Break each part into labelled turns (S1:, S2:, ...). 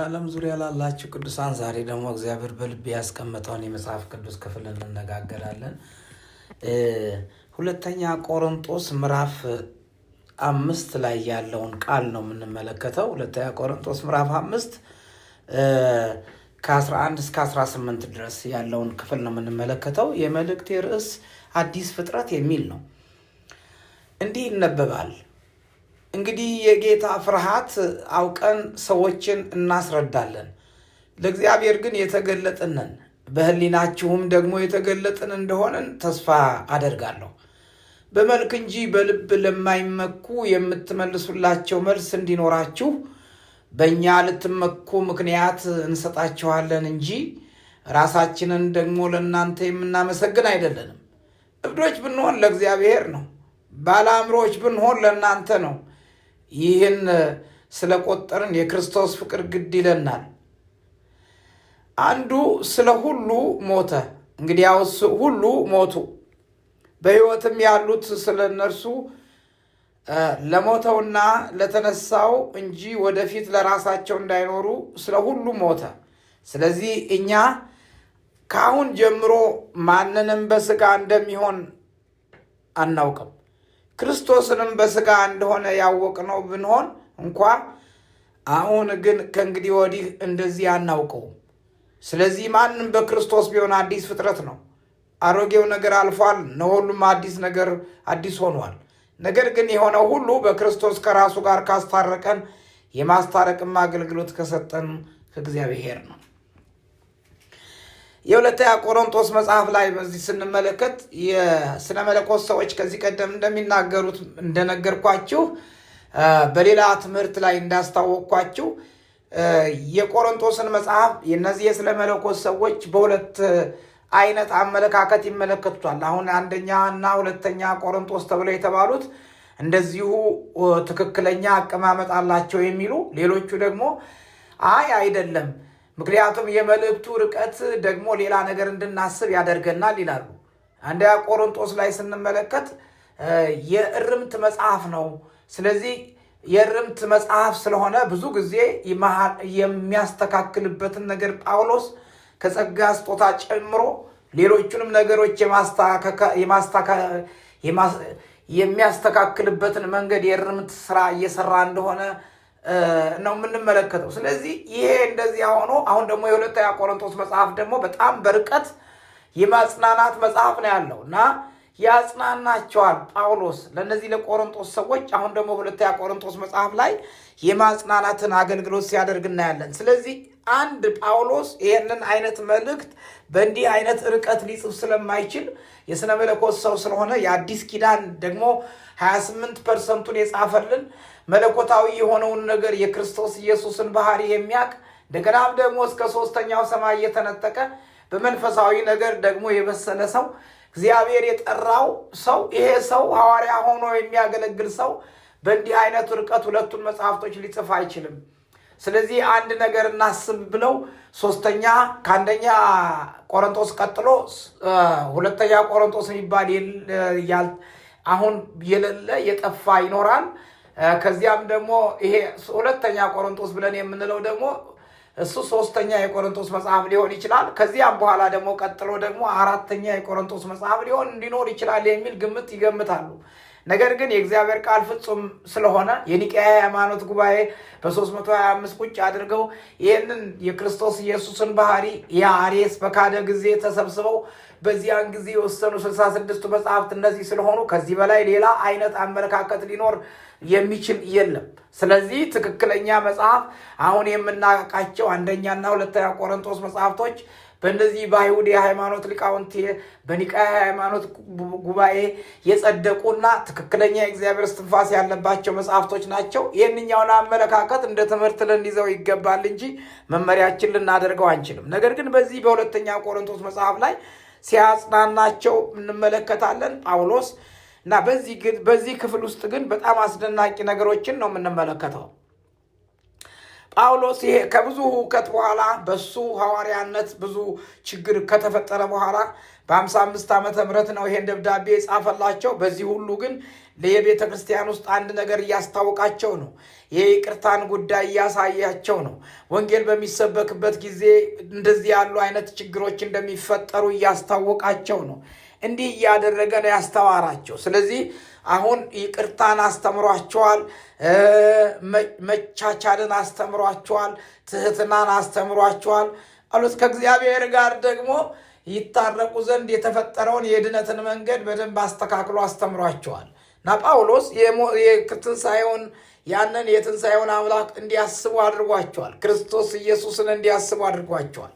S1: በዓለም ዙሪያ ላላችሁ ቅዱሳን ዛሬ ደግሞ እግዚአብሔር በልቤ ያስቀመጠውን የመጽሐፍ ቅዱስ ክፍል እንነጋገራለን። ሁለተኛ ቆሮንጦስ ምዕራፍ አምስት ላይ ያለውን ቃል ነው የምንመለከተው። ሁለተኛ ቆሮንጦስ ምዕራፍ አምስት ከ11 እስከ 18 ድረስ ያለውን ክፍል ነው የምንመለከተው። የመልእክቴ ርዕስ አዲስ ፍጥረት የሚል ነው። እንዲህ ይነበባል እንግዲህ የጌታ ፍርሃት አውቀን ሰዎችን እናስረዳለን። ለእግዚአብሔር ግን የተገለጥንን በህሊናችሁም ደግሞ የተገለጥን እንደሆንን ተስፋ አደርጋለሁ። በመልክ እንጂ በልብ ለማይመኩ የምትመልሱላቸው መልስ እንዲኖራችሁ በእኛ ልትመኩ ምክንያት እንሰጣችኋለን እንጂ ራሳችንን ደግሞ ለእናንተ የምናመሰግን አይደለንም። እብዶች ብንሆን ለእግዚአብሔር ነው። ባለአእምሮዎች ብንሆን ለእናንተ ነው። ይህን ስለቆጠርን የክርስቶስ ፍቅር ግድ ይለናል። አንዱ ስለ ሁሉ ሞተ። ያውስ ሁሉ ሞቱ። በሕይወትም ያሉት ስለ እነርሱ ለሞተውና ለተነሳው እንጂ ወደፊት ለራሳቸው እንዳይኖሩ ስለ ሁሉ ሞተ። ስለዚህ እኛ ከአሁን ጀምሮ ማንንም በስጋ እንደሚሆን አናውቅም። ክርስቶስንም በስጋ እንደሆነ ያወቅነው ብንሆን እንኳ አሁን ግን ከእንግዲህ ወዲህ እንደዚህ አናውቀውም። ስለዚህ ማንም በክርስቶስ ቢሆን አዲስ ፍጥረት ነው። አሮጌው ነገር አልፏል፣ ነሁሉም አዲስ ነገር አዲስ ሆኗል። ነገር ግን የሆነው ሁሉ በክርስቶስ ከራሱ ጋር ካስታረቀን የማስታረቅም አገልግሎት ከሰጠን ከእግዚአብሔር ነው። የሁለተኛ ቆሮንቶስ መጽሐፍ ላይ በዚህ ስንመለከት የስነ መለኮት ሰዎች ከዚህ ቀደም እንደሚናገሩት እንደነገርኳችሁ በሌላ ትምህርት ላይ እንዳስታወቅኳችሁ የቆሮንቶስን መጽሐፍ እነዚህ የስነ መለኮት ሰዎች በሁለት አይነት አመለካከት ይመለከቱታል። አሁን አንደኛ እና ሁለተኛ ቆሮንቶስ ተብለው የተባሉት እንደዚሁ ትክክለኛ አቀማመጥ አላቸው የሚሉ ሌሎቹ ደግሞ አይ አይደለም ምክንያቱም የመልእክቱ ርቀት ደግሞ ሌላ ነገር እንድናስብ ያደርገናል ይላሉ። አንደኛ ቆሮንቶስ ላይ ስንመለከት የእርምት መጽሐፍ ነው። ስለዚህ የእርምት መጽሐፍ ስለሆነ ብዙ ጊዜ የሚያስተካክልበትን ነገር ጳውሎስ ከጸጋ ስጦታ ጨምሮ ሌሎቹንም ነገሮች የሚያስተካክልበትን መንገድ የእርምት ስራ እየሰራ እንደሆነ ነው የምንመለከተው። ስለዚህ ይሄ እንደዚያ ሆኖ አሁን ደግሞ የሁለተኛ ቆሮንቶስ መጽሐፍ ደግሞ በጣም በርቀት የማጽናናት መጽሐፍ ነው ያለው እና ያጽናናቸዋል ጳውሎስ ለእነዚህ ለቆሮንቶስ ሰዎች። አሁን ደግሞ ሁለተኛ ቆሮንቶስ መጽሐፍ ላይ የማጽናናትን አገልግሎት ሲያደርግ እናያለን። ስለዚህ አንድ ጳውሎስ ይህንን አይነት መልእክት በእንዲህ አይነት ርቀት ሊጽፍ ስለማይችል የሥነ መለኮት ሰው ስለሆነ የአዲስ ኪዳን ደግሞ 28 ፐርሰንቱን የጻፈልን መለኮታዊ የሆነውን ነገር የክርስቶስ ኢየሱስን ባህሪ የሚያውቅ እንደገናም ደግሞ እስከ ሶስተኛው ሰማይ እየተነጠቀ በመንፈሳዊ ነገር ደግሞ የበሰለ ሰው እግዚአብሔር የጠራው ሰው ይሄ ሰው ሐዋርያ ሆኖ የሚያገለግል ሰው በእንዲህ አይነት ርቀት ሁለቱን መጽሐፍቶች ሊጽፍ አይችልም። ስለዚህ አንድ ነገር እናስብ ብለው ሶስተኛ ከአንደኛ ቆሮንቶስ ቀጥሎ ሁለተኛ ቆሮንቶስ የሚባል አሁን የሌለ የጠፋ ይኖራል። ከዚያም ደግሞ ይሄ ሁለተኛ ቆሮንቶስ ብለን የምንለው ደግሞ እሱ ሶስተኛ የቆሮንቶስ መጽሐፍ ሊሆን ይችላል። ከዚያም በኋላ ደግሞ ቀጥሎ ደግሞ አራተኛ የቆሮንቶስ መጽሐፍ ሊሆን እንዲኖር ይችላል የሚል ግምት ይገምታሉ። ነገር ግን የእግዚአብሔር ቃል ፍጹም ስለሆነ የኒቅያ ሃይማኖት ጉባኤ በ325 ቁጭ አድርገው ይህንን የክርስቶስ ኢየሱስን ባህሪ የአሬስ በካደ ጊዜ ተሰብስበው በዚያን ጊዜ የወሰኑ 66ቱ መጽሐፍት እነዚህ ስለሆኑ ከዚህ በላይ ሌላ አይነት አመለካከት ሊኖር የሚችል የለም። ስለዚህ ትክክለኛ መጽሐፍ አሁን የምናቃቸው አንደኛና ሁለተኛ ቆሮንቶስ መጽሐፍቶች በእነዚህ በአይሁድ የሃይማኖት ሊቃውንት በኒቃያ ሃይማኖት ጉባኤ የጸደቁና ትክክለኛ የእግዚአብሔር እስትንፋስ ያለባቸው መጽሐፍቶች ናቸው። ይህንኛውን አመለካከት እንደ ትምህርት ልንይዘው ይገባል እንጂ መመሪያችን ልናደርገው አንችልም። ነገር ግን በዚህ በሁለተኛ ቆሮንቶስ መጽሐፍ ላይ ሲያጽናናቸው እንመለከታለን ጳውሎስ እና በዚህ ክፍል ውስጥ ግን በጣም አስደናቂ ነገሮችን ነው የምንመለከተው። ጳውሎስ ይሄ ከብዙ ውከት በኋላ በሱ ሐዋርያነት ብዙ ችግር ከተፈጠረ በኋላ በአምሳ አምስት ዓመተ ምህረት ነው ይሄን ደብዳቤ የጻፈላቸው። በዚህ ሁሉ ግን የቤተ ክርስቲያን ውስጥ አንድ ነገር እያስታወቃቸው ነው። የይቅርታን ጉዳይ እያሳያቸው ነው። ወንጌል በሚሰበክበት ጊዜ እንደዚህ ያሉ አይነት ችግሮች እንደሚፈጠሩ እያስታወቃቸው ነው። እንዲህ እያደረገ ነው ያስተማራቸው። ስለዚህ አሁን ይቅርታን አስተምሯቸዋል፣ መቻቻልን አስተምሯቸዋል፣ ትህትናን አስተምሯቸዋል አሉት። ከእግዚአብሔር ጋር ደግሞ ይታረቁ ዘንድ የተፈጠረውን የድነትን መንገድ በደንብ አስተካክሎ አስተምሯቸዋል እና ጳውሎስ የትንሣኤውን ያንን የትንሣኤውን አምላክ እንዲያስቡ አድርጓቸዋል። ክርስቶስ ኢየሱስን እንዲያስቡ አድርጓቸዋል።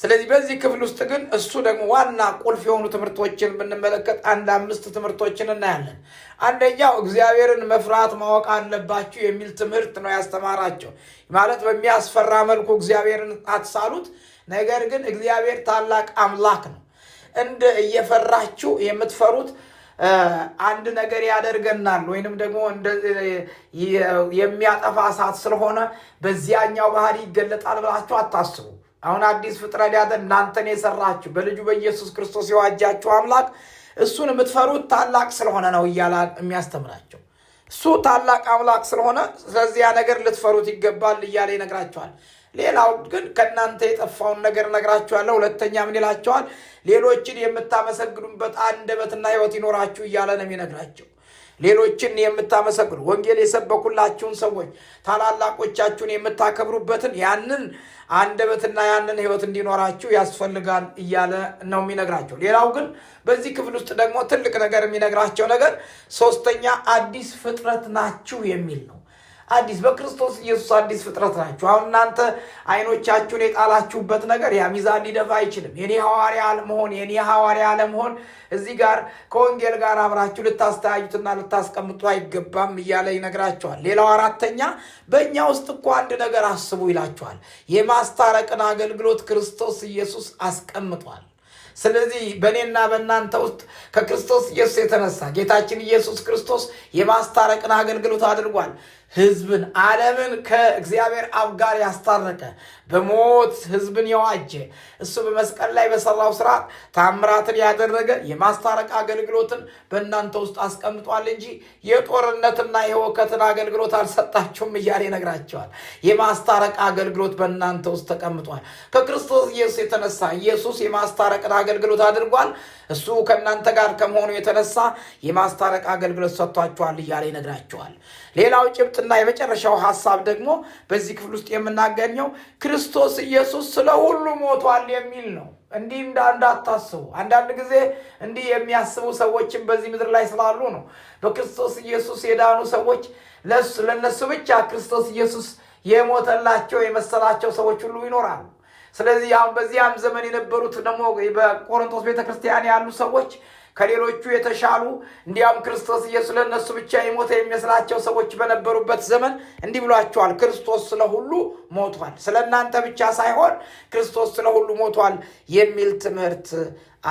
S1: ስለዚህ በዚህ ክፍል ውስጥ ግን እሱ ደግሞ ዋና ቁልፍ የሆኑ ትምህርቶችን ብንመለከት አንድ አምስት ትምህርቶችን እናያለን። አንደኛው እግዚአብሔርን መፍራት ማወቅ አለባችሁ የሚል ትምህርት ነው ያስተማራቸው። ማለት በሚያስፈራ መልኩ እግዚአብሔርን አትሳሉት፣ ነገር ግን እግዚአብሔር ታላቅ አምላክ ነው። እንደ እየፈራችሁ የምትፈሩት አንድ ነገር ያደርገናል ወይንም ደግሞ የሚያጠፋ እሳት ስለሆነ በዚያኛው ባህሪ ይገለጣል ብላችሁ አታስቡ። አሁን አዲስ ፍጥረት ያተ እናንተን የሰራችሁ በልጁ በኢየሱስ ክርስቶስ የዋጃችሁ አምላክ እሱን የምትፈሩት ታላቅ ስለሆነ ነው እያለ የሚያስተምራቸው እሱ ታላቅ አምላክ ስለሆነ ስለዚያ ነገር ልትፈሩት ይገባል እያለ ይነግራቸዋል። ሌላው ግን ከእናንተ የጠፋውን ነገር ነግራችኋለ ሁለተኛ ምን ይላቸዋል? ሌሎችን የምታመሰግኑበት አንደበትና ህይወት ይኖራችሁ እያለ ነው የሚነግራቸው። ሌሎችን የምታመሰግኑ ወንጌል የሰበኩላችሁን ሰዎች ታላላቆቻችሁን የምታከብሩበትን ያንን አንደበትና ያንን ህይወት እንዲኖራችሁ ያስፈልጋል እያለ ነው የሚነግራቸው። ሌላው ግን በዚህ ክፍል ውስጥ ደግሞ ትልቅ ነገር የሚነግራቸው ነገር ሶስተኛ አዲስ ፍጥረት ናችሁ የሚል ነው። አዲስ በክርስቶስ ኢየሱስ አዲስ ፍጥረት ናችሁ። አሁን እናንተ አይኖቻችሁን የጣላችሁበት ነገር ያ ሚዛን ሊደፋ አይችልም። የኔ ሐዋርያ አለመሆን የኔ ሐዋርያ አለመሆን እዚህ ጋር ከወንጌል ጋር አብራችሁ ልታስተያዩትና ልታስቀምጡ አይገባም እያለ ይነግራቸዋል። ሌላው አራተኛ በእኛ ውስጥ እኮ አንድ ነገር አስቡ ይላችኋል። የማስታረቅን አገልግሎት ክርስቶስ ኢየሱስ አስቀምጧል። ስለዚህ በእኔና በእናንተ ውስጥ ከክርስቶስ ኢየሱስ የተነሳ ጌታችን ኢየሱስ ክርስቶስ የማስታረቅን አገልግሎት አድርጓል። ህዝብን ዓለምን ከእግዚአብሔር አብ ጋር ያስታረቀ በሞት ህዝብን የዋጀ እሱ በመስቀል ላይ በሰራው ስራ ታምራትን ያደረገ የማስታረቅ አገልግሎትን በእናንተ ውስጥ አስቀምጧል እንጂ የጦርነትና የወከትን አገልግሎት አልሰጣችሁም እያለ ይነግራቸዋል። የማስታረቅ አገልግሎት በእናንተ ውስጥ ተቀምጧል። ከክርስቶስ ኢየሱስ የተነሳ ኢየሱስ የማስታረቅን አገልግሎት አድርጓል። እሱ ከእናንተ ጋር ከመሆኑ የተነሳ የማስታረቅ አገልግሎት ሰጥቷቸዋል እያለ ይነግራቸዋል። ሌላው ጭብጥና የመጨረሻው ሀሳብ ደግሞ በዚህ ክፍል ውስጥ የምናገኘው ክርስቶስ ኢየሱስ ስለ ሁሉ ሞቷል የሚል ነው። እንዲህ እንዳታስቡ። አንዳንድ ጊዜ እንዲህ የሚያስቡ ሰዎችም በዚህ ምድር ላይ ስላሉ ነው። በክርስቶስ ኢየሱስ የዳኑ ሰዎች ለእነሱ ብቻ ክርስቶስ ኢየሱስ የሞተላቸው የመሰላቸው ሰዎች ሁሉ ይኖራሉ። ስለዚህ አሁን በዚያም ዘመን የነበሩት ደግሞ በቆሮንቶስ ቤተክርስቲያን ያሉ ሰዎች ከሌሎቹ የተሻሉ እንዲያውም ክርስቶስ ኢየሱስ ለእነሱ ብቻ የሞተ የሚመስላቸው ሰዎች በነበሩበት ዘመን እንዲህ ብሏቸዋል። ክርስቶስ ስለሁሉ ሞቷል፣ ስለ እናንተ ብቻ ሳይሆን ክርስቶስ ስለሁሉ ሞቷል የሚል ትምህርት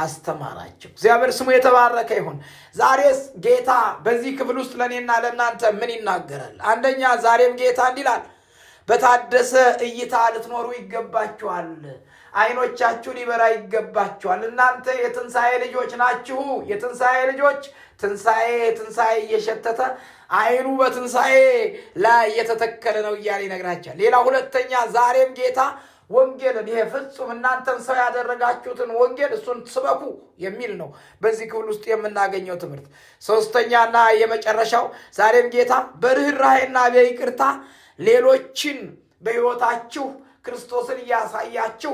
S1: አስተማራቸው። እግዚአብሔር ስሙ የተባረከ ይሁን። ዛሬስ ጌታ በዚህ ክፍል ውስጥ ለእኔና ለእናንተ ምን ይናገራል? አንደኛ ዛሬም ጌታ እንዲላል በታደሰ እይታ ልትኖሩ ይገባችኋል። አይኖቻችሁ ሊበራ ይገባችኋል። እናንተ የትንሣኤ ልጆች ናችሁ። የትንሣኤ ልጆች ትንሣኤ ትንሣኤ እየሸተተ አይኑ በትንሣኤ ላይ እየተተከለ ነው እያለ ይነግራቸዋል። ሌላ ሁለተኛ ዛሬም ጌታ ወንጌልን ይሄ ፍጹም እናንተን ሰው ያደረጋችሁትን ወንጌል እሱን ስበኩ የሚል ነው በዚህ ክፍል ውስጥ የምናገኘው ትምህርት። ሶስተኛና የመጨረሻው ዛሬም ጌታ በርኅራኄና በይቅርታ ሌሎችን በሕይወታችሁ ክርስቶስን እያሳያችሁ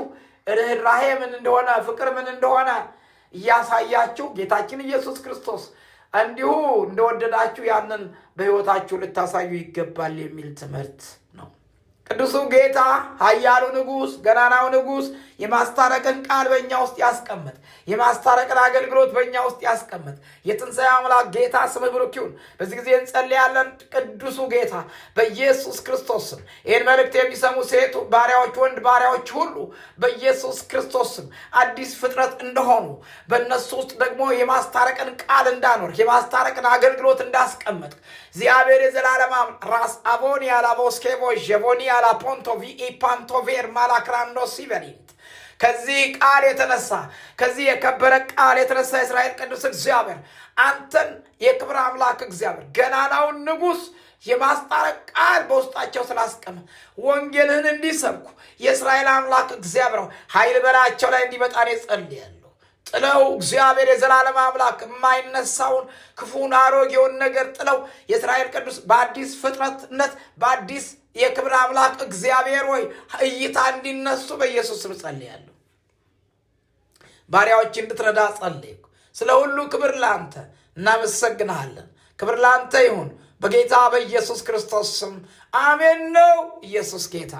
S1: ርኅራሄ ምን እንደሆነ ፍቅር ምን እንደሆነ እያሳያችሁ ጌታችን ኢየሱስ ክርስቶስ እንዲሁ እንደወደዳችሁ ያንን በሕይወታችሁ ልታሳዩ ይገባል የሚል ትምህርት ነው። ቅዱሱ ጌታ ኃያሉ ንጉሥ ገናናው ንጉሥ የማስታረቅን ቃል በእኛ ውስጥ ያስቀምጥ። የማስታረቅን አገልግሎት በእኛ ውስጥ ያስቀምጥ። የትንሣኤ አምላክ ጌታ ስም ብሩክ ይሁን። በዚህ ጊዜ እንጸልያለን። ቅዱሱ ጌታ በኢየሱስ ክርስቶስ ስም ይህን መልእክት የሚሰሙ ሴቱ ባሪያዎች፣ ወንድ ባሪያዎች ሁሉ በኢየሱስ ክርስቶስ ስም አዲስ ፍጥረት እንደሆኑ በእነሱ ውስጥ ደግሞ የማስታረቅን ቃል እንዳኖር የማስታረቅን አገልግሎት እንዳስቀምጥ እግዚአብሔር የዘላለም ራስ አቦን ያላቦስኬቦ ዠቦኒያ ላላ ፖንቶቪ ኢፓንቶቬር ማላክራንዶ ሲቨሪንት ከዚህ ቃል የተነሳ ከዚህ የከበረ ቃል የተነሳ የእስራኤል ቅዱስ እግዚአብሔር አንተን የክብር አምላክ እግዚአብሔር ገናናውን ንጉሥ የማስታረቅ ቃል በውስጣቸው ስላስቀመ ወንጌልህን እንዲሰብኩ የእስራኤል አምላክ እግዚአብሔር ኃይል በላያቸው ላይ እንዲመጣ ነው ይጸልያል። ጥለው እግዚአብሔር የዘላለም አምላክ የማይነሳውን ክፉን አሮጌውን ነገር ጥለው የእስራኤል ቅዱስ በአዲስ ፍጥረትነት በአዲስ የክብር አምላክ እግዚአብሔር ወይ እይታ እንዲነሱ በኢየሱስ ስም ጸልያለሁ። ባሪያዎች እንድትረዳ ጸልይኩ። ስለ ሁሉ ክብር ለአንተ እናመሰግናለን ክብር ለአንተ ይሁን በጌታ በኢየሱስ ክርስቶስ ስም አሜን። ነው ኢየሱስ ጌታ